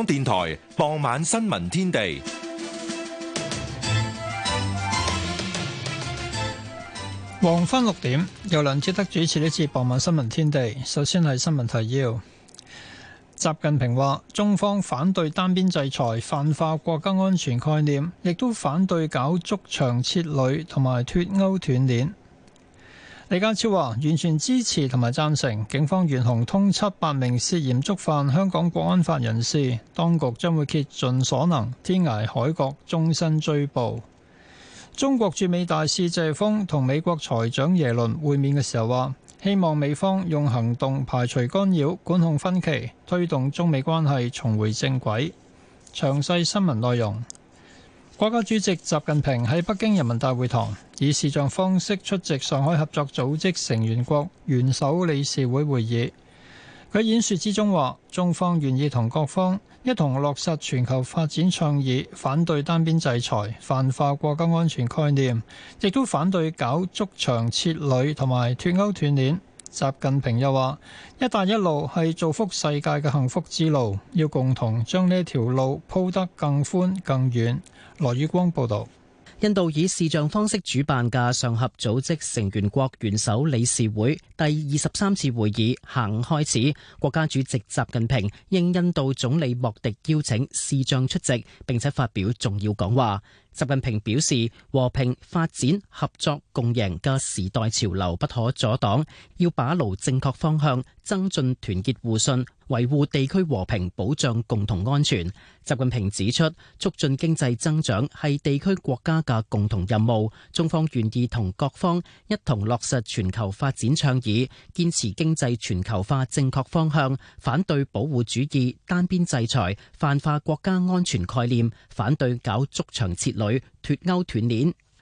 香港電台傍晚新聞天地，黃昏六點由梁志德主持呢次傍晚新聞天地。首先係新聞提要：習近平話中方反對單邊制裁、泛化國家安全概念，亦都反對搞築牆設壘同埋脫歐斷鏈。李家超話，完全支持同埋贊成警方懸紅通緝八名涉嫌觸犯香港國安法人士，當局將會竭盡所能，天涯海角終身追捕。中國駐美大使謝鋒同美國財長耶倫會面嘅時候話，希望美方用行動排除干擾、管控分歧，推動中美關係重回正軌。詳細新聞內容。國家主席習近平喺北京人民大會堂以視像方式出席上海合作組織成員國元首理事會會議。佢演説之中話：中方願意同各方一同落實全球發展倡議，反對單邊制裁、泛化國家安全概念，亦都反對搞築牆設壘同埋脱鉤斷鏈。習近平又話一帶一路係造福世界嘅幸福之路，要共同將呢條路鋪得更寬更遠。羅宇光報道。印度以視像方式主辦嘅上合組織成員國元首理事會第二十三次會議下午開始，國家主席習近平應印度總理莫迪邀請視像出席並且發表重要講話。習近平表示，和平發展、合作共贏嘅時代潮流不可阻擋，要把牢正確方向。增進團結互信，維護地區和平，保障共同安全。習近平指出，促進經濟增長係地區國家嘅共同任務。中方願意同各方一同落實全球發展倡議，堅持經濟全球化正確方向，反對保護主義、單邊制裁、泛化國家安全概念，反對搞築牆設壘、脫鈎斷鏈。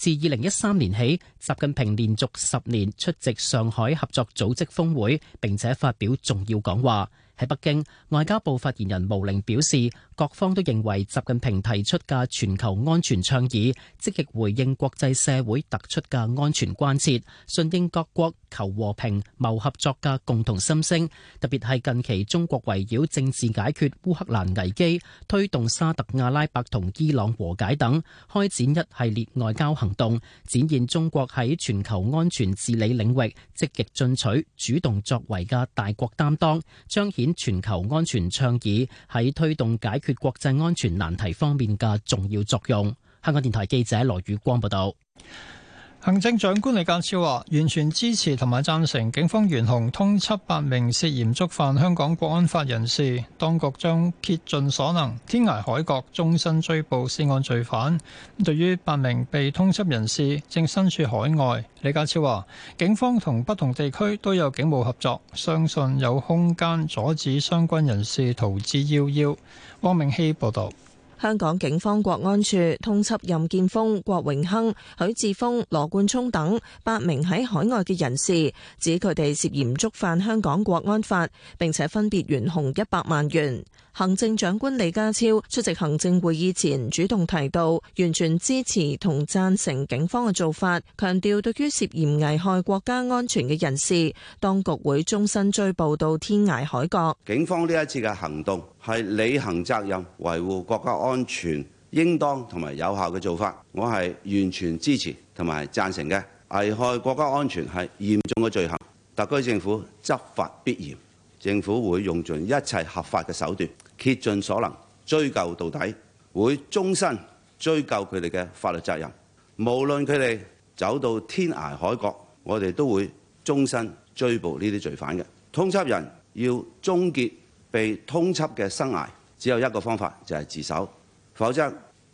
自二零一三年起，習近平連續十年出席上海合作組織峰會，並且發表重要講話。喺北京，外交部發言人毛寧表示，各方都認為習近平提出嘅全球安全倡議，積極回應國際社會突出嘅安全關切，順應各國求和平、謀合作嘅共同心聲。特別係近期中國圍繞政治解決烏克蘭危機、推動沙特阿拉伯同伊朗和解等，開展一系列外交行動，展現中國喺全球安全治理領域積極進取、主動作為嘅大國擔當，彰顯全球安全倡議喺推動解決國際安全難題方面嘅重要作用。香港電台記者羅宇光報道。行政長官李家超話：完全支持同埋贊成警方懸紅通緝八名涉嫌觸犯香港國安法人士，當局將竭盡所能，天涯海角，終身追捕涉案罪犯。對於八名被通緝人士正身處海外，李家超話：警方同不同地區都有警務合作，相信有空間阻止相關人士逃之夭夭。汪明希報導。香港警方國安處通緝任建峰、郭榮鏗、許智峯、羅冠聰等八名喺海外嘅人士，指佢哋涉嫌觸犯香港國安法，並且分別懸紅一百萬元。行政長官李家超出席行政會議前主動提到，完全支持同贊成警方嘅做法，強調對於涉嫌危害國家安全嘅人士，當局會終身追捕到天涯海角。警方呢一次嘅行動，係履行責任、維護國家安全，應當同埋有效嘅做法，我係完全支持同埋贊成嘅。危害國家安全係嚴重嘅罪行，特區政府執法必嚴，政府會用盡一切合法嘅手段，竭盡所能追究到底，會終身追究佢哋嘅法律責任。無論佢哋走到天涯海角，我哋都會終身追捕呢啲罪犯嘅通緝人，要終結被通緝嘅生涯，只有一個方法就係、是、自首，否則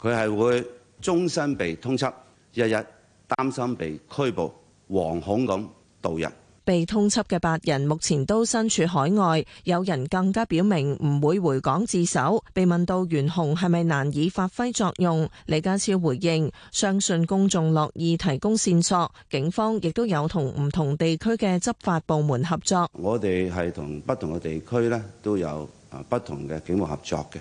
佢係會終身被通緝，日日擔心被拘捕，惶恐咁度日。被通緝嘅八人目前都身處海外，有人更加表明唔會回港自首。被問到懸紅係咪難以發揮作用，李家超回應：相信公眾樂意提供線索，警方亦都有同唔同地區嘅執法部門合作。我哋係同不同嘅地區咧都有啊不同嘅警務合作嘅，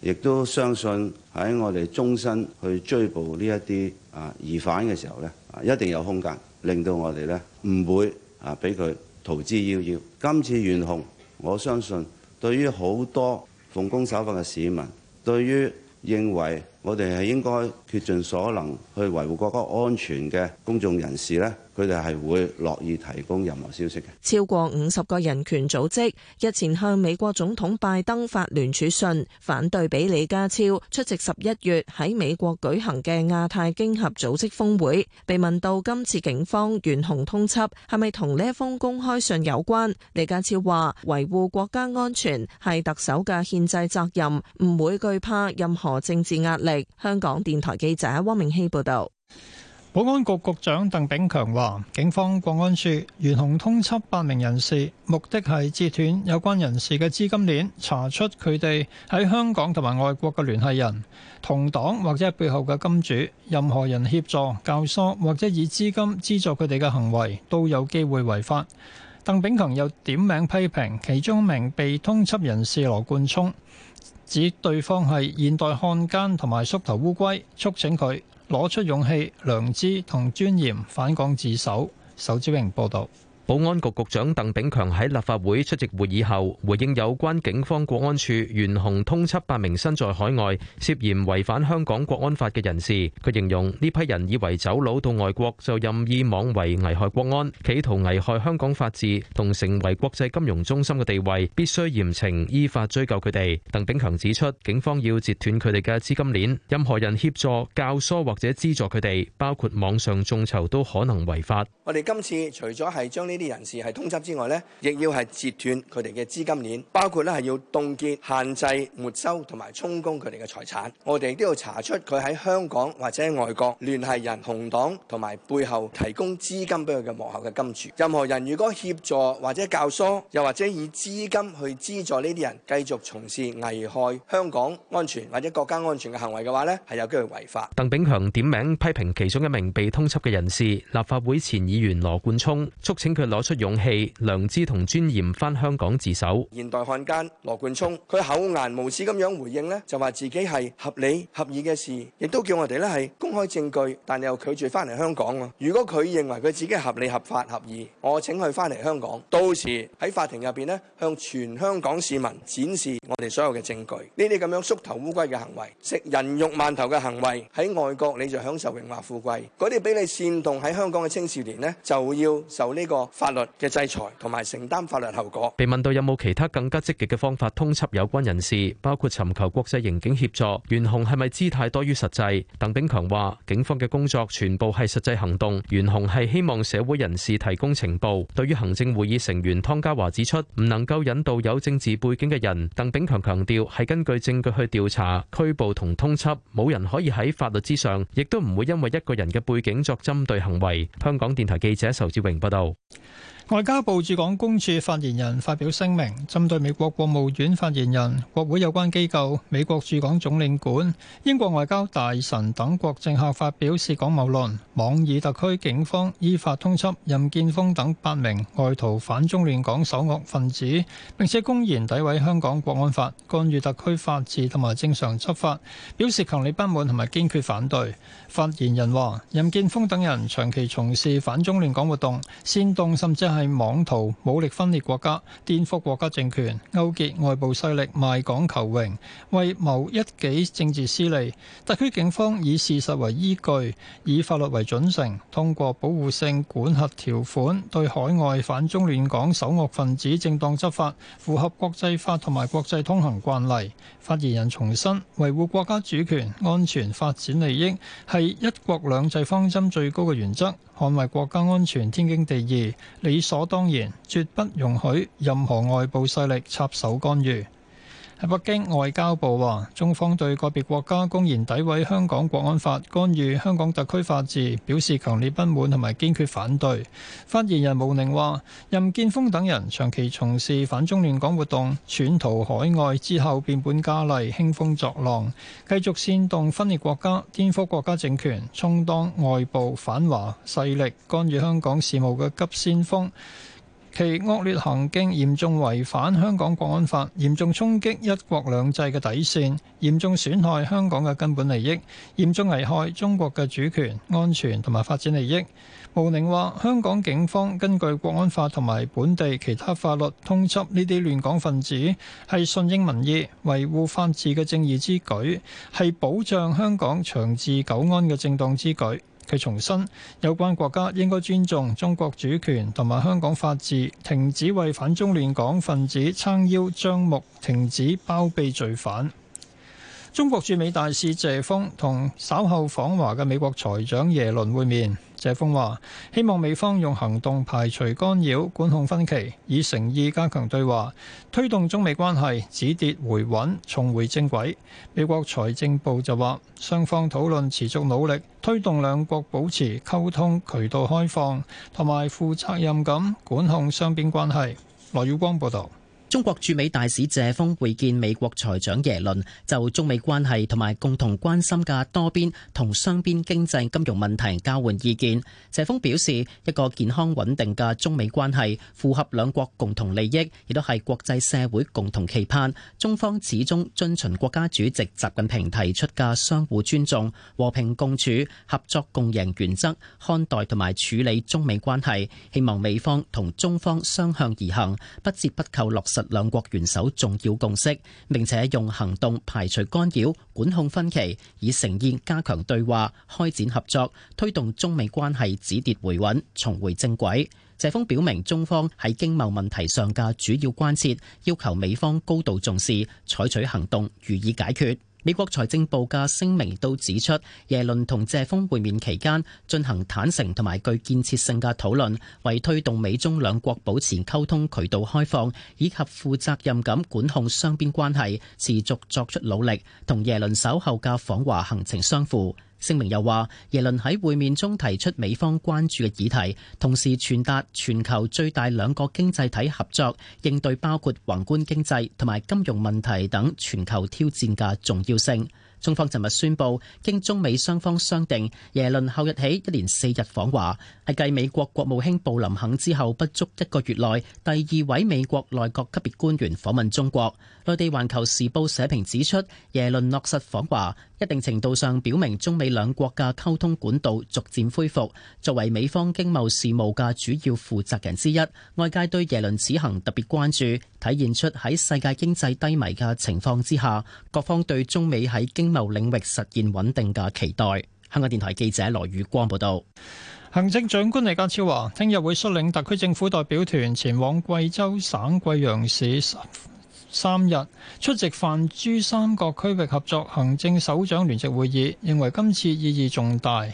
亦都相信喺我哋終身去追捕呢一啲啊疑犯嘅時候咧，一定有空間令到我哋咧唔會。啊，俾佢逃之夭夭。今次元兇，我相信對於好多奉公守法嘅市民，對於認為我哋係應該竭盡所能去維護國家安全嘅公眾人士咧。佢哋係會樂意提供任何消息嘅。超過五十個人權組織日前向美國總統拜登發聯署信，反對俾李家超出席十一月喺美國舉行嘅亞太經合組織峰會。被問到今次警方懸紅通緝，係咪同呢一封公開信有關，李家超話維護國家安全係特首嘅憲制責任，唔會懼怕任何政治壓力。香港電台記者汪明熙報道。保安局局長鄧炳強話，警方國安處懸紅通緝八名人士，目的係截斷有關人士嘅資金鏈，查出佢哋喺香港同埋外國嘅聯繫人、同黨或者係背後嘅金主。任何人協助、教唆或者以資金資助佢哋嘅行為，都有機會違法。鄧炳強又點名批評其中一名被通緝人士羅冠聰，指對方係現代漢奸同埋縮頭烏龜，促請佢。攞出勇氣、良知同尊嚴，返港自首。仇志榮報導。保安局局長鄧炳強喺立法會出席會議後，回應有關警方國安處懸紅通緝八名身在海外涉嫌違反香港國安法嘅人士。佢形容呢批人以為走佬到外國就任意妄為、危害國安、企圖危害香港法治同成為國際金融中心嘅地位，必須嚴懲、依法追究佢哋。鄧炳強指出，警方要截斷佢哋嘅資金鏈，任何人協助、教唆或者資助佢哋，包括網上眾籌，都可能違法。我哋今次除咗係將呢。啲人士係通緝之外呢，亦要係截斷佢哋嘅資金鏈，包括咧係要凍結限制、沒收同埋充公佢哋嘅財產，我哋都要查出佢喺香港或者外國聯繫人、同黨同埋背後提供資金俾佢嘅幕後嘅金主。任何人如果協助或者教唆，又或者以資金去資助呢啲人繼續從事危害香港安全或者國家安全嘅行為嘅話呢，係有機會違法。鄧炳強點名批評其中一名被通緝嘅人士，立法會前議員羅冠聰，促請。佢攞出勇氣、良知同尊嚴，翻香港自首。現代漢奸羅冠聰，佢厚顏無恥咁樣回應咧，就話自己係合理合義嘅事，亦都叫我哋咧係公開證據，但又拒絕翻嚟香港。如果佢認為佢自己係合理合法合義，我請佢翻嚟香港，到時喺法庭入邊咧，向全香港市民展示我哋所有嘅證據。呢啲咁樣縮頭烏龜嘅行為，食人肉饅頭嘅行為，喺外國你就享受榮華富貴，嗰啲畀你煽動喺香港嘅青少年咧，就要受呢個法律嘅制裁同埋承擔法律後果。被問到有冇其他更加積極嘅方法通緝有關人士，包括尋求國際刑警協助，懸紅係咪姿態多於實際？鄧炳強話：警方嘅工作全部係實際行動，懸紅係希望社會人士提供情報，對於行政會議成員湯家驊指出唔能夠引渡有政治背景嘅人，鄧炳強強調係根據證據去調查拘捕同通緝，冇人可以喺法律之上，亦都唔會因為一個人嘅背景作針對行為，香港電台記者仇志榮報道。外交部駐港公署發言人發表聲明，針對美國國務院發言人、國會有關機構、美國駐港總領館、英國外交大臣等國政客發表涉港謬論，妄議特區警方依法通緝任建峰等八名外逃反中亂港首惡分子，並且公然詆毀香港國安法、干預特區法治同埋正常執法，表示強烈不滿同埋堅決反對。發言人話：任建峰等人長期從事反中亂港活動，煽動甚至係妄圖武力分裂國家、顛覆國家政權、勾結外部勢力賣港求榮，為謀一己政治私利。特區警方以事實為依據，以法律為準繩，通過保護性管轄條款對海外反中亂港首惡分子正當執法，符合國際法同埋國際通行慣例。發言人重申，維護國家主權、安全、發展利益係係一國兩制方針最高嘅原則，捍衛國家安全，天經地義、理所當然，絕不容許任何外部勢力插手干預。喺北京外交部話，中方對個別國家公然詆毀香港國安法、干預香港特區法治，表示強烈不滿同埋堅決反對。發言人毛寧話，任建峰等人長期從事反中亂港活動，竄逃海外之後變本加厲興風作浪，繼續煽動分裂國家、顛覆國家政權，充當外部反華勢力干預香港事務嘅急先鋒。其惡劣行徑嚴重違反香港國安法，嚴重衝擊一國兩制嘅底線，嚴重損害香港嘅根本利益，嚴重危害中國嘅主權、安全同埋發展利益。毛寧話：香港警方根據國安法同埋本地其他法律通緝呢啲亂港分子，係順應民意、維護法治嘅正義之舉，係保障香港長治久安嘅正當之舉。佢重申，有關國家應該尊重中國主權同埋香港法治，停止為反中亂港分子撐腰張目，停止包庇罪犯。中國駐美大使謝峰同稍後訪華嘅美國財長耶倫會面。謝峰話：希望美方用行動排除干擾、管控分歧，以誠意加強對話，推動中美關係止跌回穩，重回正軌。美國財政部就話：雙方討論持續努力推動兩國保持溝通渠道開放，同埋負責任咁管控雙邊關係。羅耀光報導。中國駐美大使謝鋒會見美國財長耶倫，就中美關係同埋共同關心嘅多邊同雙邊經濟金融問題交換意見。謝鋒表示，一個健康穩定嘅中美關係符合兩國共同利益，亦都係國際社會共同期盼。中方始終遵循國家主席習近平提出嘅相互尊重、和平共處、合作共贏原則，看待同埋處理中美關係。希望美方同中方相向而行，不折不扣落實兩國元首重要共識，並且用行動排除干擾、管控分歧，以誠意加強對話、開展合作，推動中美關係止跌回穩、重回正軌。謝鋒表明中方喺經貿問題上嘅主要關切，要求美方高度重視、採取行動予以解決。美國財政部嘅聲明都指出，耶倫同謝峰會面期間進行坦誠同埋具建設性嘅討論，為推動美中兩國保持溝通渠道開放以及負責任咁管控雙邊關係，持續作出努力，同耶倫稍後嘅訪華行程相符。聲明又話，耶倫喺會面中提出美方關注嘅議題，同時傳達全球最大兩個經濟體合作應對包括宏觀經濟同埋金融問題等全球挑戰嘅重要性。中方尋日宣布，經中美雙方商定，耶倫後日起一連四日訪華，係繼美國國務卿布林肯之後不足一個月內第二位美國內閣級別官員訪問中國。內地環球時報社評指出，耶倫落實訪華，一定程度上表明中美兩國嘅溝通管道逐漸恢復。作為美方經貿事務嘅主要負責人之一，外界對耶倫此行特別關注，體現出喺世界經濟低迷嘅情況之下，各方對中美喺經貿領域實現穩定嘅期待。香港電台記者羅宇光報道。行政長官李家超話，聽日會率領特區政府代表團前往貴州省貴陽市。三日出席泛珠三角區域合作行政首長聯席會議，認為今次意義重大。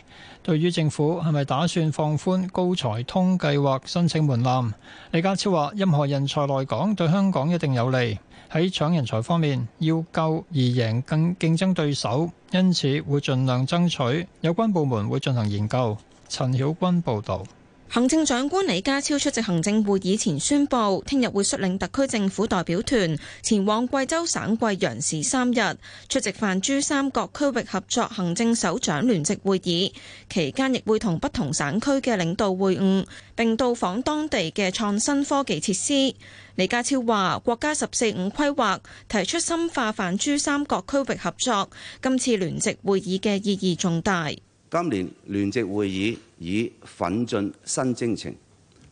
對於政府係咪打算放寬高才通計劃申請門檻？李家超話任何人才來港對香港一定有利。喺搶人才方面，要夠而贏更競爭對手，因此會盡量爭取。有關部門會進行研究。陳曉君報道。行政長官李家超出席行政會議前宣布，聽日會率領特區政府代表團前往貴州省貴陽市三日，出席泛珠三角區域合作行政首長聯席會議，期間亦會同不同省區嘅領導會晤，並到訪當地嘅創新科技設施。李家超話：國家十四五規劃提出深化泛珠三角區域合作，今次聯席會議嘅意義重大。今年聯席會議以奮進新征程、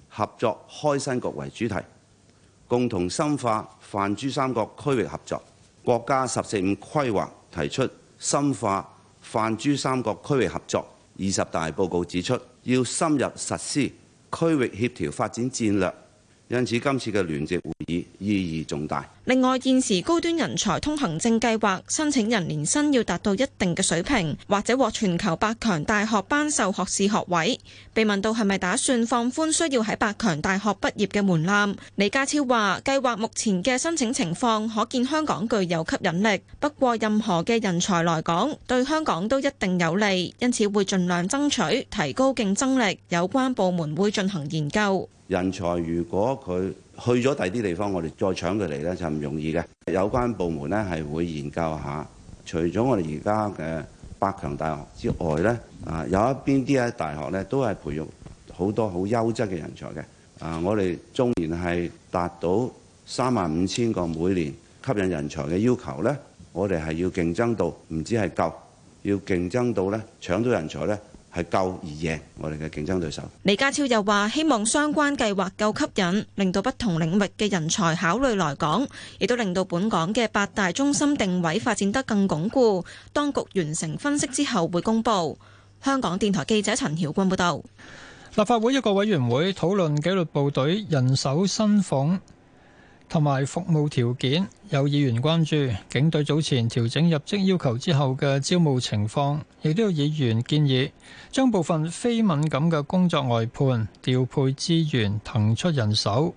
合作開新局為主題，共同深化泛珠三角區域合作。國家十四五規劃提出深化泛珠三角區域合作。二十大報告指出要深入實施區域協調發展戰略，因此今次嘅聯席會議意義重大。另外，現時高端人才通行證計劃申請人年薪要達到一定嘅水平，或者獲全球百強大學頒授學士學位。被問到係咪打算放寬需要喺百強大學畢業嘅門檻，李家超話計劃目前嘅申請情況可見香港具有吸引力。不過任何嘅人才來講對香港都一定有利，因此會盡量爭取提高競爭力。有關部門會進行研究。人才如果佢去咗第啲地方，我哋再搶佢嚟咧就唔容易嘅。有關部門咧係會研究下，除咗我哋而家嘅百強大學之外咧，啊有一邊啲喺大學咧都係培育好多好優質嘅人才嘅。啊，我哋縱然係達到三萬五千個每年吸引人才嘅要求咧，我哋係要競爭到唔止係夠，要競爭到咧搶到人才咧。係夠而贏我哋嘅競爭對手。李家超又話：希望相關計劃夠吸引，令到不同領域嘅人才考慮來港，亦都令到本港嘅八大中心定位發展得更鞏固。當局完成分析之後會公布。香港電台記者陳曉君報導。立法會一個委員會討論紀律部隊人手薪俸。同埋服務條件，有議員關注警隊早前調整入職要求之後嘅招募情況，亦都有議員建議將部分非敏感嘅工作外判，調配資源騰出人手。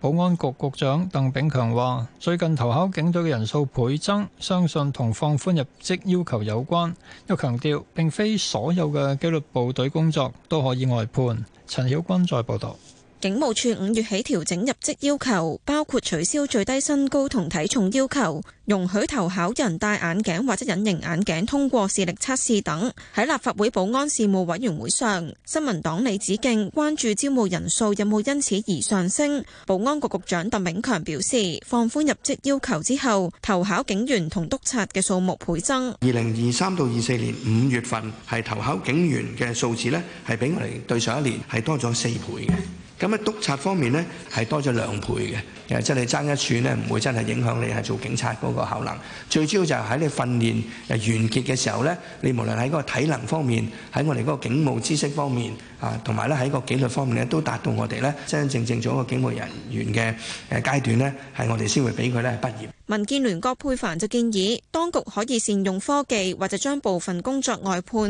保安局局長鄧炳強話：最近投考警隊嘅人數倍增，相信同放寬入職要求有關。又強調並非所有嘅紀律部隊工作都可以外判。陳曉君再報道。警務處五月起調整入職要求，包括取消最低身高同體重要求，容許投考人戴眼鏡或者隱形眼鏡通過視力測試等。喺立法會保安事務委員會上，新民黨李梓敬關注招募人數有冇因此而上升。保安局局長鄧炳強表示，放寬入職要求之後，投考警員同督察嘅數目倍增。二零二三到二四年五月份係投考警員嘅數字呢，係比我哋對上一年係多咗四倍嘅。咁喺督察方面咧，係多咗兩倍嘅。即係你爭一寸呢，唔會真係影響你係做警察嗰個效能。最主要就係喺你訓練誒完結嘅時候呢，你無論喺嗰個體能方面，喺我哋嗰個警務知識方面啊，同埋咧喺個紀律方面咧，都達到我哋呢真真正正做一個警務人員嘅誒階段呢。係我哋先會俾佢呢畢業。民建聯郭佩凡就建議，當局可以善用科技，或者將部分工作外判。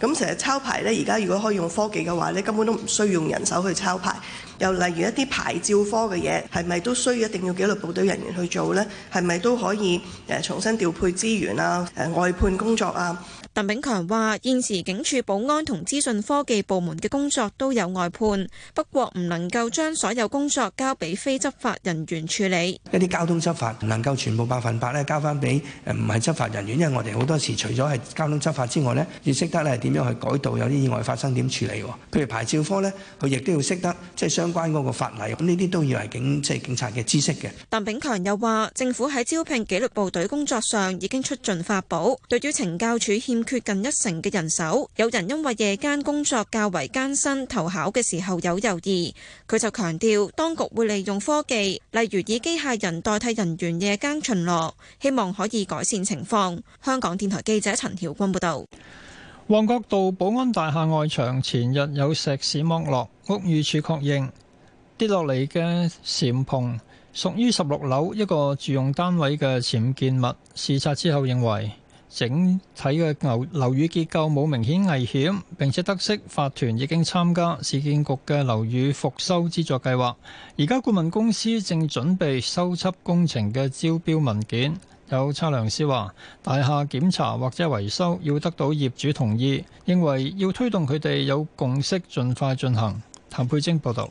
咁成日抄牌呢，而家如果可以用科技嘅話咧，根本都唔需要用人手去抄牌。又例如一啲牌照科嘅嘢，係咪都需要一定要紀律部隊人員去做咧？係咪都可以重新調配資源啊？外判工作啊？鄧炳強話：現時警署保安同資訊科技部門嘅工作都有外判，不過唔能夠將所有工作交俾非執法人員處理。一啲交通執法唔能夠全部百分百咧，交翻俾唔係執法人員，因為我哋好多時除咗係交通執法之外咧，要識得咧點樣去改道，有啲意外發生點處理。譬如牌照科咧，佢亦都要識得即係相關嗰個法例。咁呢啲都要係警即係、就是、警察嘅知識嘅。鄧炳強又話：政府喺招聘紀律部隊工作上已經出盡法寶，對於懲教署欠缺近一成嘅人手，有人因為夜間工作較為艱辛，投考嘅時候有猶豫。佢就強調當局會利用科技，例如以機械人代替人員夜間巡邏，希望可以改善情況。香港電台記者陳曉君報道。旺角道保安大廈外牆前日有石屎剝落，屋宇署確認跌落嚟嘅蟬蓬屬於十六樓一個住用單位嘅僭建物。視察之後認為。整體嘅樓樓宇結構冇明顯危險，並且得悉法團已經參加市建局嘅樓宇復修資助計劃。而家顧問公司正準備修葺工程嘅招標文件。有測量師話：大廈檢查或者維修要得到業主同意，認為要推動佢哋有共識，盡快進行。譚佩晶報道。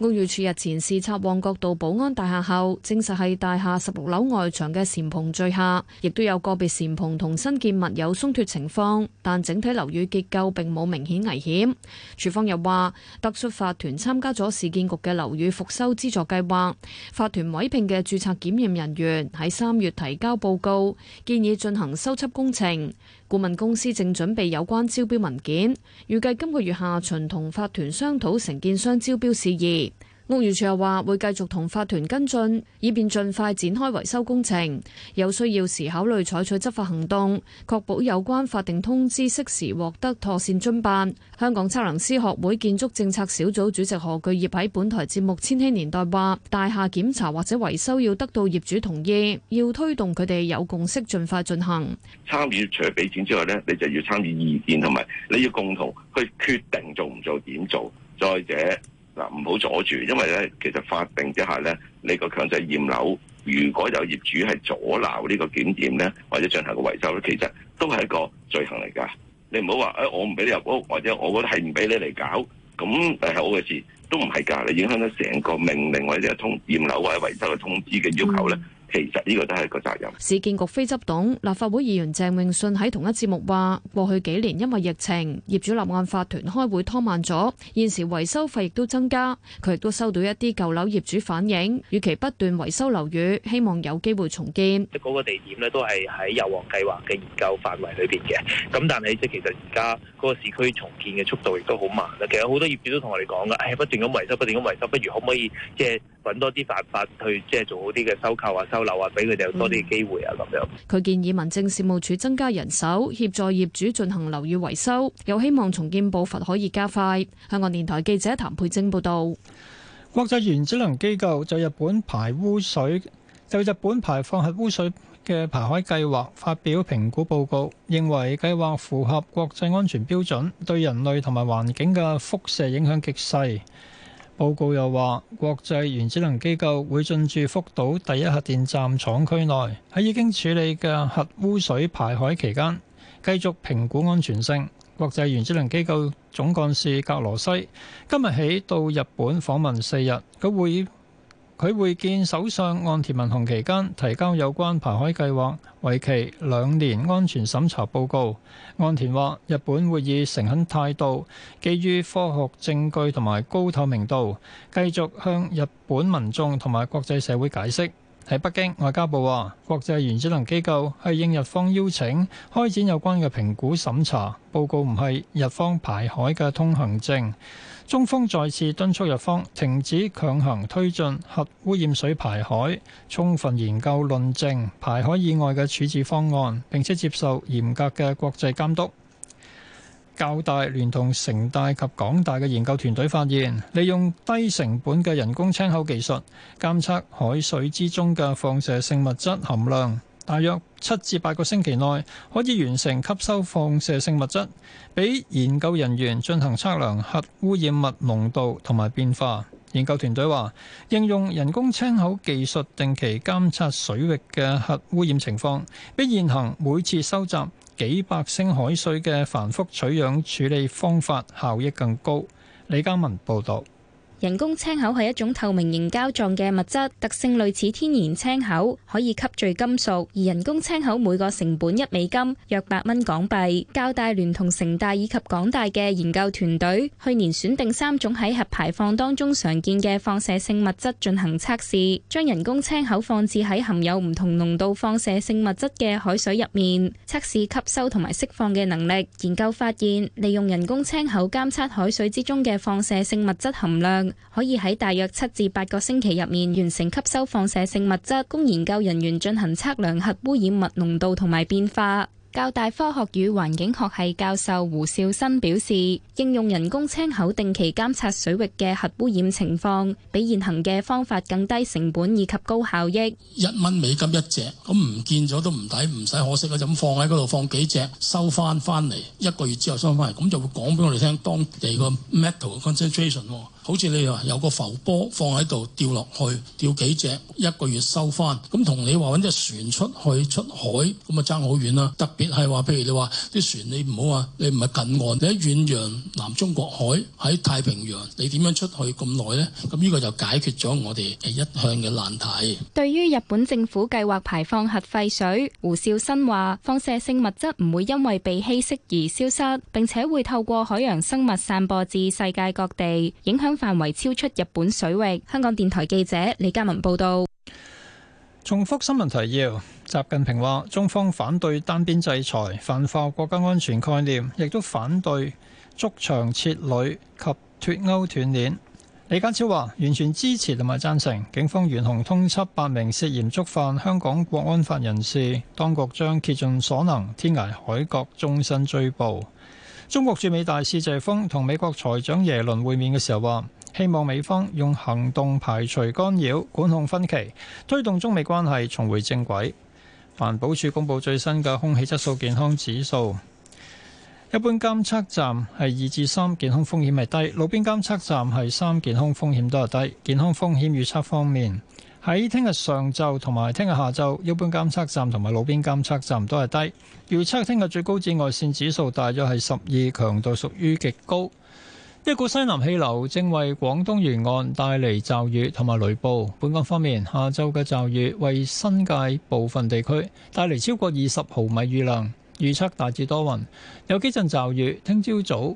屋宇署日前視察旺角道保安大廈後，證實係大廈十六樓外牆嘅檐篷墜下，亦都有個別檐篷同新建物有鬆脱情況，但整體樓宇結構並冇明顯危險。署方又話，特殊法團參加咗市建局嘅樓宇復修資助計劃，法團委聘嘅註冊檢驗人員喺三月提交報告，建議進行修葺工程。顧問公司正準備有關招標文件，預計今個月下旬同法團商討承建商招標事宜。屋宇署又話會繼續同法團跟進，以便盡快展開維修工程。有需要時考慮採取執法行動，確保有關法定通知適時獲得妥善遵辦。香港測量師學會建築政策小組主席何巨業喺本台節目《千禧年代》話：大廈檢查或者維修要得到業主同意，要推動佢哋有共識，盡快進行。參與除俾錢之外呢，你就要參與意見，同埋你要共同去決定做唔做、點做。再者。嗱，唔好阻住，因為咧，其實法定之下咧，你個強制驗樓，如果有業主係阻撓呢個檢驗咧，或者進行個維修咧，其實都係一個罪行嚟㗎。你唔好話，誒、哎，我唔俾你入屋，或者我覺得係唔俾你嚟搞，咁係我嘅事，都唔係㗎。你影響到成個命令或者啲通驗樓或者維修嘅通知嘅要求咧，嗯。其實呢個都係一個責任。市建局非執董立法會議員鄭泳舜喺同一節目話，過去幾年因為疫情，業主立案法團開會拖慢咗，現時維修費亦都增加。佢亦都收到一啲舊樓業主反映，與其不斷維修樓宇，希望有機會重建。即嗰個地點呢，都係喺油旺計劃嘅研究範圍裏邊嘅。咁但係即其實而家嗰個市區重建嘅速度亦都好慢啦。其實好多業主都同我哋講㗎，唉，不斷咁維修，不斷咁維修，不如可唔可以即？搵多啲辦法去即係做好啲嘅收購啊、收留啊，俾佢哋多啲機會啊咁樣。佢建議民政事務處增加人手，協助業主進行樓宇維修，又希望重建步伐可以加快。香港電台記者譚佩晶報道。國際原子能機構就日本排污水就日本排放核污水嘅排海計劃發表評估報告，認為計劃符合國際安全標準，對人類同埋環境嘅輻射影響極細。報告又話，國際原子能機構會進駐福島第一核電站廠區內，喺已經處理嘅核污水排海期間，繼續評估安全性。國際原子能機構總幹事格羅西今日起到日本訪問四日，佢會……佢會見首相岸田文雄期間，提交有關排海計劃，為期兩年安全審查報告。岸田話：日本會以誠懇態度，基於科學證據同埋高透明度，繼續向日本民眾同埋國際社會解釋。喺北京，外交部話：國際原子能機構係應日方邀請，開展有關嘅評估審查，報告唔係日方排海嘅通行證。中方再次敦促日方停止強行推進核污染水排海，充分研究論證排海以外嘅處置方案，並且接受嚴格嘅國際監督。教大聯同城大及港大嘅研究團隊發現，利用低成本嘅人工青口技術，監測海水之中嘅放射性物質含量。大約七至八個星期內，可以完成吸收放射性物質，俾研究人員進行測量核污染物濃度同埋變化。研究團隊話，應用人工青口技術定期監測水域嘅核污染情況，比現行每次收集幾百升海水嘅繁複取樣處理方法效益更高。李嘉文報導。人工青口係一種透明凝膠狀嘅物質，特性類似天然青口，可以吸聚金屬。而人工青口每個成本一美金，約八蚊港幣。交大聯同城大以及港大嘅研究團隊，去年選定三種喺核排放當中常見嘅放射性物質進行測試，將人工青口放置喺含有唔同濃度放射性物質嘅海水入面，測試吸收同埋釋放嘅能力。研究發現，利用人工青口監測海水之中嘅放射性物質含量，可以喺大約七至八個星期入面完成吸收放射性物質，供研究人員進行測量核污染物濃度同埋變化。教大科學與環境學系教授胡少新表示，應用人工青口定期監測水域嘅核污染情況，比現行嘅方法更低成本以及高效益。一蚊美金一隻，咁唔見咗都唔抵，唔使可惜啦。咁放喺嗰度放幾隻，收翻翻嚟，一個月之後收翻嚟，咁就會講俾我哋聽當地個 metal concentration。好似你話有個浮波放喺度，掉落去掉幾隻，一個月收翻。咁同你話揾隻船出去出海，咁啊爭好遠啦。特別係話，譬如你話啲船，你唔好話你唔係近岸，你喺遠洋、南中國海、喺太平洋，你點樣出去咁耐呢？咁呢個就解決咗我哋一向嘅難題。對於日本政府計劃排放核廢水，胡少新話：放射性物質唔會因為被稀釋而消失，並且會透過海洋生物散播至世界各地，影響範圍超出日本水域。香港電台記者李嘉文報道。重複新聞提要：習近平話，中方反對單邊制裁、泛化國家安全概念，亦都反對築牆設壘及脫歐斷鏈。李家超話，完全支持同埋贊成警方懸紅通緝八名涉嫌觸犯香港國安法人士，當局將竭盡所能，天涯海角終身追捕。中國駐美大使謝鋒同美國財長耶倫會面嘅時候話，希望美方用行動排除干擾、管控分歧，推動中美關係重回正軌。環保署公布最新嘅空氣質素健康指數，一般監測站係二至三，健康風險係低；路邊監測站係三，健康風險都係低。健康風險預測方面。喺聽日上晝同埋聽日下晝，一般監測站同埋路邊監測站都係低。預測聽日最高紫外線指數大約係十二，強度屬於極高。一股西南氣流正為廣東沿岸帶嚟驟雨同埋雷暴。本港方面，下晝嘅驟雨為新界部分地區帶嚟超過二十毫米雨量。預測大致多雲，有幾陣驟雨。聽朝早。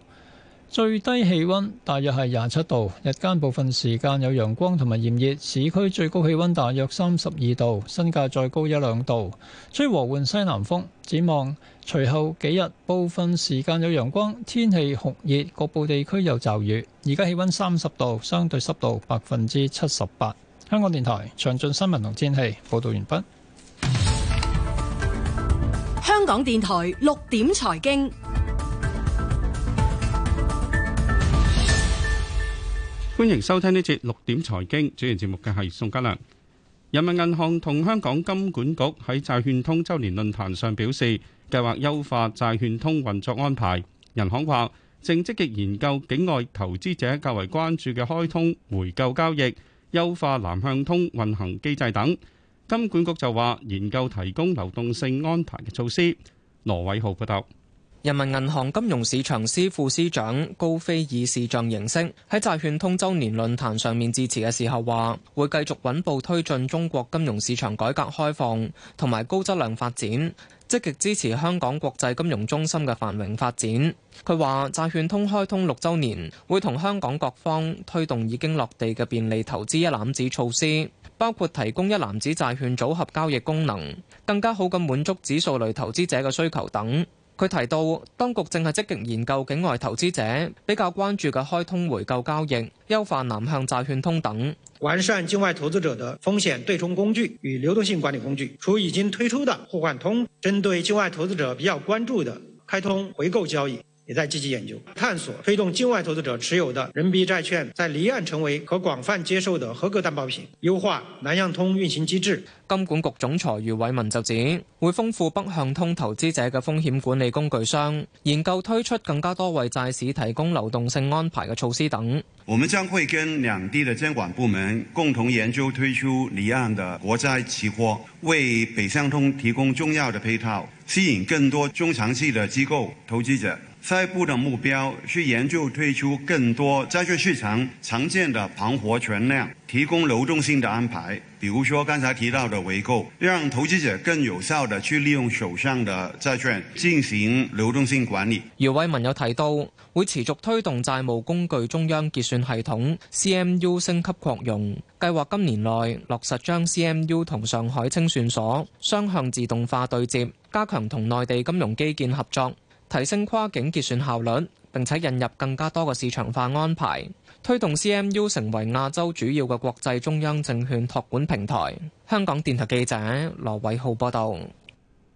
最低氣溫大約係廿七度，日間部分時間有陽光同埋炎熱，市區最高氣溫大約三十二度，新界再高一兩度，吹和緩西南風。展望隨後幾日部分時間有陽光，天氣酷熱，局部地區有驟雨。而家氣溫三十度，相對濕度百分之七十八。香港電台詳盡新聞同天氣報道完畢。香港電台六點財經。歡迎收聽呢節六點財經，主持節目嘅係宋嘉良。人民銀行同香港金管局喺債券通周年論壇上表示，計劃優化債券通運作安排。銀行話正積極研究境外投資者較為關注嘅開通回購交易、優化南向通運行機制等。金管局就話研究提供流動性安排嘅措施。羅偉豪報道。人民銀行金融市場司副司長高飛以視像形式喺債券通周年論壇上面致辭嘅時候話，會繼續穩步推進中國金融市場改革開放同埋高質量發展，積極支持香港國際金融中心嘅繁榮發展。佢話債券通開通六周年，會同香港各方推動已經落地嘅便利投資一攬子措施，包括提供一攬子債券組合交易功能，更加好咁滿足指數類投資者嘅需求等。佢提到，當局正係積極研究境外投資者比較關注嘅開通回購交易、優化南向債券通等，完善境外投資者的風險對沖工具與流動性管理工具。除已經推出嘅互換通，針對境外投資者比較關注嘅開通回購交易。也在積極研究探索，推動境外投資者持有的人民幣債券在離岸成為可廣泛接受的合格擔保品，優化南向通運行機制。金管局總裁余偉文就指，會豐富北向通投資者嘅風險管理工具箱，研究推出更加多為債市提供流動性安排嘅措施等。我們將會跟兩地的監管部門共同研究推出離岸的國債期貨，為北向通提供重要的配套，吸引更多中長期的機構投資者。下一步的目標是研究推出更多債券市場常見的盤活存量、提供流動性的安排，比如說剛才提到的回購，讓投資者更有效的去利用手上的債券進行流動性管理。姚偉文有提到會持續推動債務工具中央結算系統 C M U 升級擴容，計劃今年內落實將 C M U 同上海清算所雙向自動化對接，加強同內地金融基建合作。提升跨境結算效率，並且引入更加多嘅市場化安排，推動 CMU 成為亞洲主要嘅國際中央證券託管平台。香港電台記者羅偉浩報道，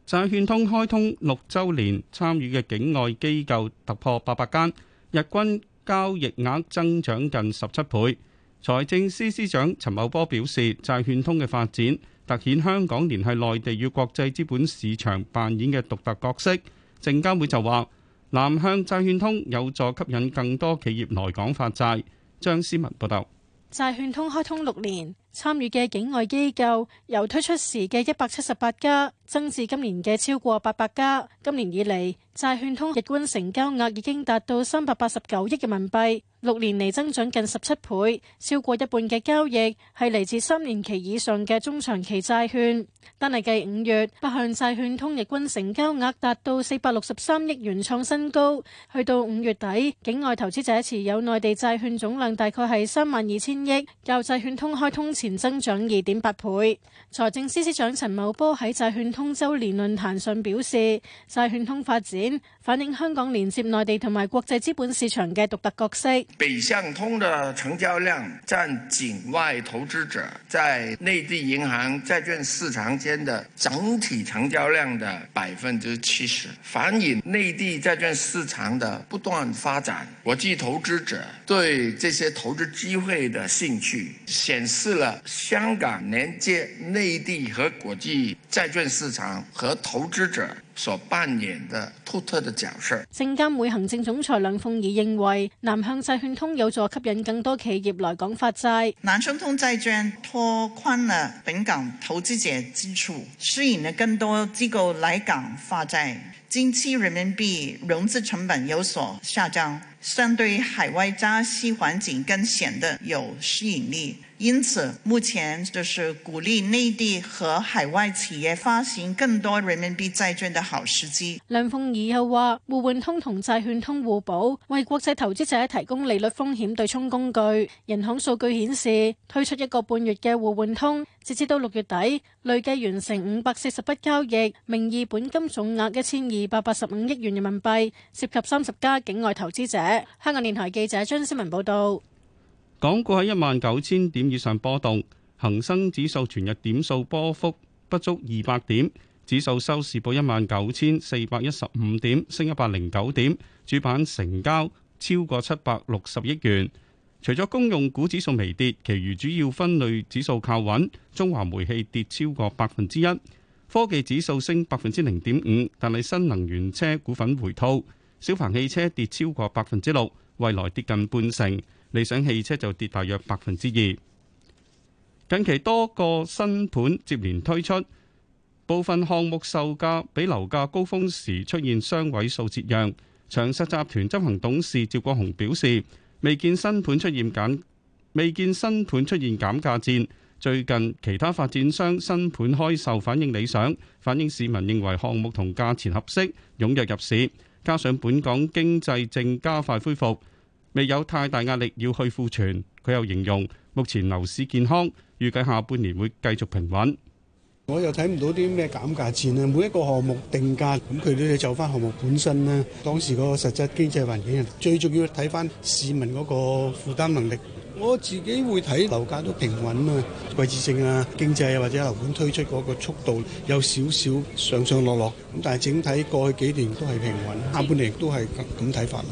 債券通開通六周年，參與嘅境外機構突破八百間，日均交易額增長近十七倍。財政司司長陳茂波表示，債券通嘅發展凸顯香港聯繫內地與國際資本市場扮演嘅獨特角色。證監會就話，南向債券通有助吸引更多企業來港發債。張思文報道，債券通開通六年。參與嘅境外機構由推出時嘅一百七十八家增至今年嘅超過八百家。今年以嚟，債券通日均成交額已經達到三百八十九億人民幣，六年嚟增長近十七倍。超過一半嘅交易係嚟自三年期以上嘅中長期債券。單係計五月，北向債券通日均成交額達到四百六十三億元，創新高。去到五月底，境外投資者持有內地債券總量大概係三萬二千億，由債券通開通前增長二點八倍。財政司司長陳茂波喺債券通周年論壇上表示，債券通發展反映香港連接內地同埋國際資本市場嘅獨特角色。北向通嘅成交量佔境外投資者在內地銀行債券市場間的整體成交量的百分之七十，反映內地債券市場的不斷發展，國際投資者對這些投資機會的興趣，顯示了香港連接內地和國際債券市場和投資者所扮演的獨特，特的角色。證監會行政總裁梁鳳儀認為，南向債券通有助吸引更多企業來港發債。南向通債券拓寬了本港投資者基礎，吸引了更多機構來港發債。近期人民幣融資成本有所下降，相對海外加息環境更顯得有吸引力。因此，目前就是鼓勵內地和海外企業發行更多人民幣債券的好時機。梁鳳儀又話互換通同債券通互補，為國際投資者提供利率風險對沖工具。銀行數據顯示，推出一個半月嘅互換通，截至到六月底，累計完成五百四十筆交易，名義本金總額一千二百八十五億元人民幣，涉及三十家境外投資者。香港電台記者張思文報道。港股喺一萬九千點以上波動，恒生指數全日點數波幅不足二百點，指數收市報一萬九千四百一十五點，升一百零九點，主板成交超過七百六十億元。除咗公用股指數微跌，其餘主要分類指數靠穩。中華煤氣跌超過百分之一，科技指數升百分之零點五，但係新能源車股份回吐，小鵬汽車跌超過百分之六，蔚來跌近半成。理想汽車就跌大約百分之二。近期多個新盤接連推出，部分項目售價比樓價高峰時出現雙位數折讓。長實集團執行董事趙國雄表示：未見新盤出現減，未見新盤出現減價戰。最近其他發展商新盤開售反應理想，反映市民認為項目同價錢合適，踴躍入市。加上本港經濟正加快恢復。未有太大壓力要去庫存，佢又形容目前樓市健康，預計下半年會繼續平穩。我又睇唔到啲咩減價錢啦，每一個項目定價咁佢都要就翻項目本身啦，當時嗰個實質經濟環境，最重要睇翻市民嗰個負擔能力。我自己會睇樓價都平穩啊，季節性啊，經濟啊或者樓盤推出嗰個速度有少少上上落落，咁但係整體過去幾年都係平穩，下半年亦都係咁睇法。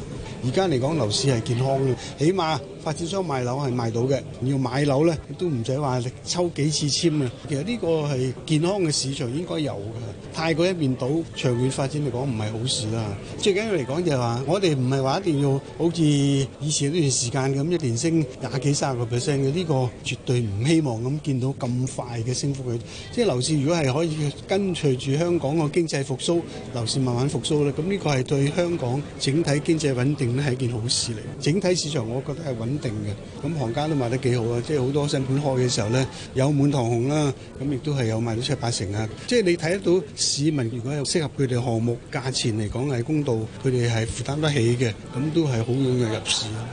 而家嚟講，樓市係健康嘅，起碼。發展商賣樓係賣到嘅，要買樓咧都唔使話抽幾次籤啊。其實呢個係健康嘅市場應該有嘅，太過一面倒，長遠發展嚟講唔係好事啦。最緊要嚟講就係話，我哋唔係話一定要好似以前呢段時間咁一年升廿幾、三十個 percent 嘅，呢個絕對唔希望咁見到咁快嘅升幅嘅。即係樓市如果係可以跟隨住香港個經濟復甦，樓市慢慢復甦咧，咁呢個係對香港整體經濟穩定咧係件好事嚟。整體市場我覺得係穩定嘅咁，行家都賣得幾好啊！即係好多新盤開嘅時候呢，有滿堂紅啦，咁亦都係有賣到七八成啊！即係你睇得到市民如果有適合佢哋項目價錢嚟講係公道，佢哋係負擔得起嘅，咁都係好穩嘅入市啦。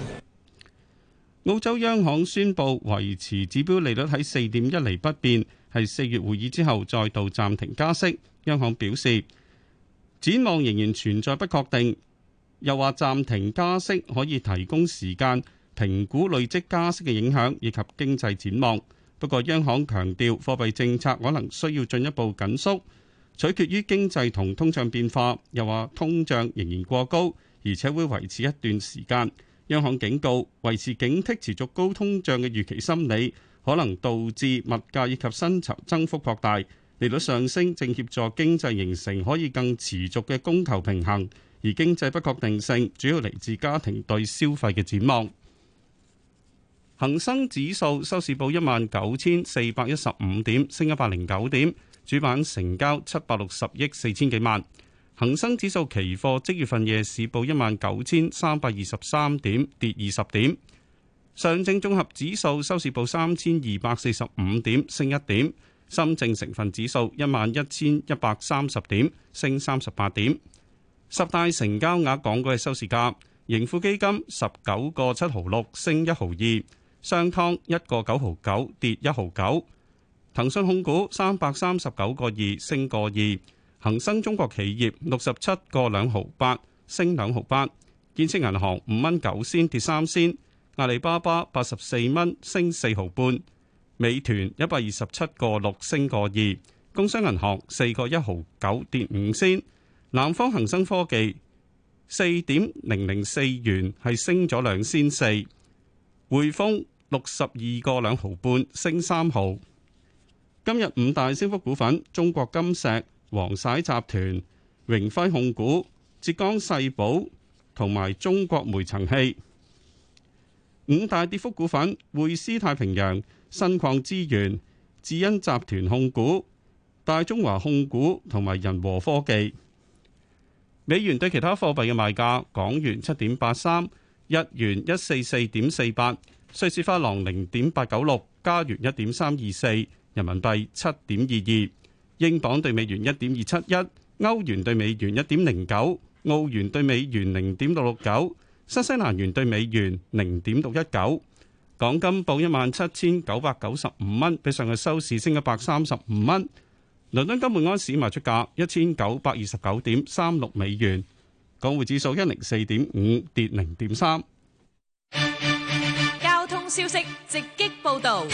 澳洲央行宣布維持指標利率喺四點一厘不變，係四月會議之後再度暫停加息。央行表示展望仍然存在不確定，又話暫停加息可以提供時間。評估累積加息嘅影響以及經濟展望。不過，央行強調貨幣政策可能需要進一步緊縮，取決於經濟同通脹變化，又話通脹仍然過高，而且會維持一段時間。央行警告，維持警惕持續高通脹嘅預期心理，可能導致物價以及薪酬增幅擴大。利率上升正協助經濟形成可以更持續嘅供求平衡，而經濟不確定性主要嚟自家庭對消費嘅展望。恒生指數收市報一萬九千四百一十五點，升一百零九點，主板成交七百六十億四千幾萬。恒生指數期貨即月份夜市報一萬九千三百二十三點，跌二十點。上證綜合指數收市報三千二百四十五點，升一點。深證成分指數一萬一千一百三十點，升三十八點。十大成交額港股嘅收市價，盈富基金十九個七毫六，升一毫二。商湯一個九毫九，跌一毫九。騰訊控股三百三十九個二，升個二。恒生中國企業六十七個兩毫八，升兩毫八。建設銀行五蚊九仙，跌三仙。阿里巴巴八十四蚊，升四毫半。美團一百二十七個六，升個二。工商銀行四個一毫九，跌五仙。南方恒生科技四點零零四元，係升咗兩仙四。匯豐。六十二個兩毫半，25，升三毫。今日五大升幅股份：中國金石、黃璽集團、榮輝控股、浙江世寶同埋中國煤層氣。五大跌幅股份：匯思太平洋、新礦資源、智恩集團控股、大中華控股同埋仁和科技。美元對其他貨幣嘅賣價：港元七點八三，日元一四四點四八。瑞士法郎零點八九六，加元一點三二四，人民幣七點二二，英鎊兌美元一點二七一，歐元兌美元一點零九，澳元兌美元零點六六九，新西蘭元兌美元零點六一九。港金報一萬七千九百九十五蚊，比上日收市升一百三十五蚊。倫敦金本安市賣出價一千九百二十九點三六美元，港匯指數一零四點五，跌零點三。消息直擊報道，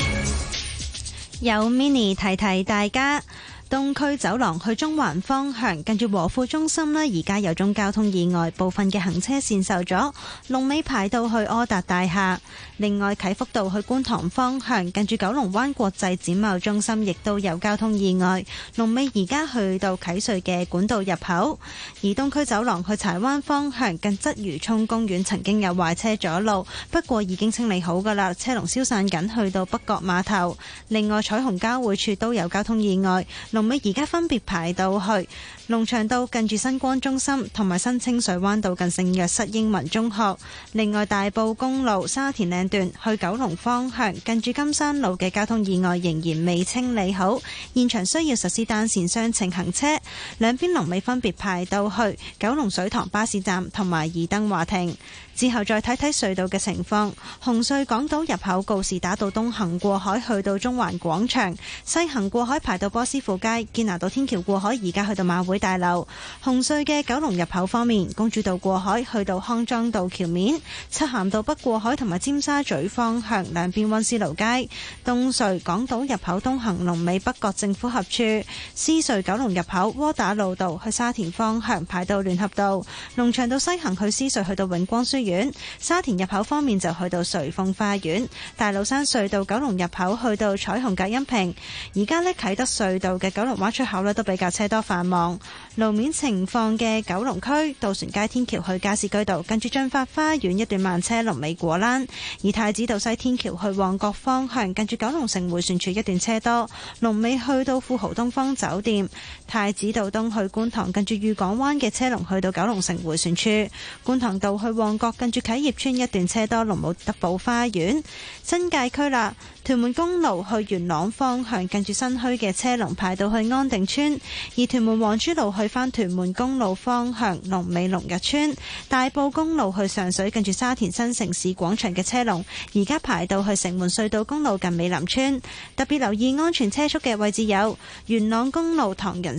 有 mini 提提大家，東區走廊去中環方向，近住和富中心咧，而家有宗交通意外，部分嘅行車線受阻，龍尾排到去柯達大廈。另外，啟福道去觀塘方向近住九龍灣國際展貿中心，亦都有交通意外。龍尾而家去到啟瑞嘅管道入口。而東區走廊去柴灣方向近鰂魚涌公園，曾經有壞車阻路，不過已經清理好㗎喇，車龍消散緊，去到北角碼頭。另外，彩虹交匯處都有交通意外，龍尾而家分別排到去。龍翔道近住新光中心同埋新清水灣道近聖若瑟英文中學。另外，大埔公路沙田嶺段去九龍方向近住金山路嘅交通意外仍然未清理好，現場需要實施單線雙程行車，兩邊龍尾分別排到去九龍水塘巴士站同埋爾登華庭。之後再睇睇隧道嘅情況，紅隧港島入口告士打道東行過海去到中環廣場，西行過海排到波斯富街堅拿道天橋過海，而家去到馬會。大樓紅隧嘅九龍入口方面，公主道過海去到康莊道橋面，漆咸道北過海同埋尖沙咀方向兩邊溫思勞街；東隧港島入口東行龍尾北角政府合處，獅隧九龍入口窩打老道去沙田方向排到聯合道，龍翔道西行去獅隧去到永光書院。沙田入口方面就去到瑞鳳花園，大老山隧道九龍入口去到彩虹隔音屏。而家呢啟德隧道嘅九龍灣出口咧都比較車多繁忙。路面情況嘅九龍區渡船街天橋去加士居道，近住駿發花園一段慢車；龍尾果欄，而太子道西天橋去旺角方向，近住九龍城回旋處一段車多，龍尾去到富豪東方酒店。太子道東去觀塘，近住御港灣嘅車龍去到九龍城回旋處；觀塘道去旺角，近住啟業村一段車多龍，龍尾德寶花園；新界區啦，屯門公路去元朗方向，近住新墟嘅車龍排到去安定村；而屯門黃珠路去返屯門公路方向，龍尾龍日村；大埔公路去上水，近住沙田新城市廣場嘅車龍，而家排到去城門隧道公路近美林村。特別留意安全車速嘅位置有元朗公路唐人，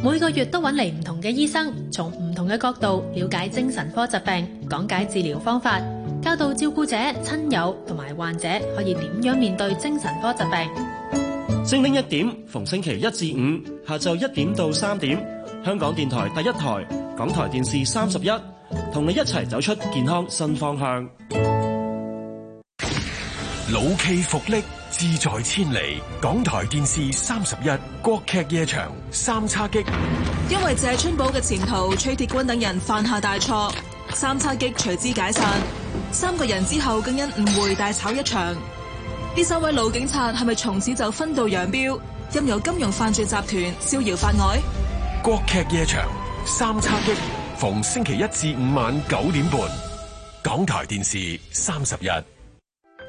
每個月都揾嚟唔同嘅醫生，從唔同嘅角度了解精神科疾病，講解治療方法，教導照顧者、親友同埋患者可以點樣面對精神科疾病。精靈一點，逢星期一至五下晝一點到三點，香港電台第一台、港台電視三十一，同你一齊走出健康新方向。老驥伏枥，志在千里。港台電視三十一，國劇夜場三叉戟。因為謝春寶嘅前途，崔鐵軍等人犯下大錯，三叉戟隨之解散。三個人之後，更因誤會大吵一場。呢三位老警察係咪從此就分道揚鑣，任由金融犯罪集團逍遙法外？國劇夜場三叉戟，逢星期一至五晚九點半。港台電視三十一。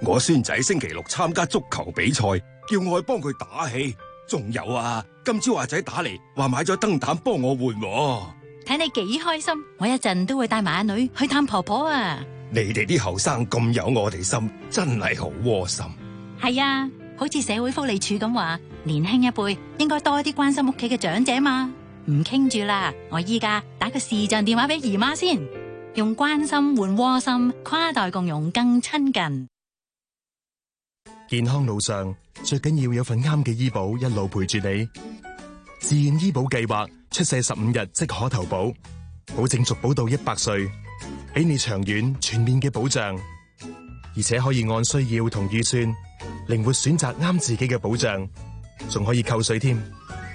我孫仔星期六參加足球比賽，叫我去幫佢打氣。仲有啊，今朝阿仔打嚟話買咗燈膽幫我換喎。睇你幾開心，我一陣都會帶埋阿女去探婆婆啊。你哋啲後生咁有我哋心，真係好窩心。係啊，好似社會福利署咁話，年輕一輩應該多啲關心屋企嘅長者嘛。唔傾住啦，我依家打個視像電話俾姨媽先，用關心換窩心，跨代共融更親近。健康路上最緊要有份啱嘅醫保，一路陪住你。自願醫保計劃出世十五日即可投保，保證續保到一百歲，俾你長遠全面嘅保障，而且可以按需要同預算靈活選擇啱自己嘅保障，仲可以扣稅添。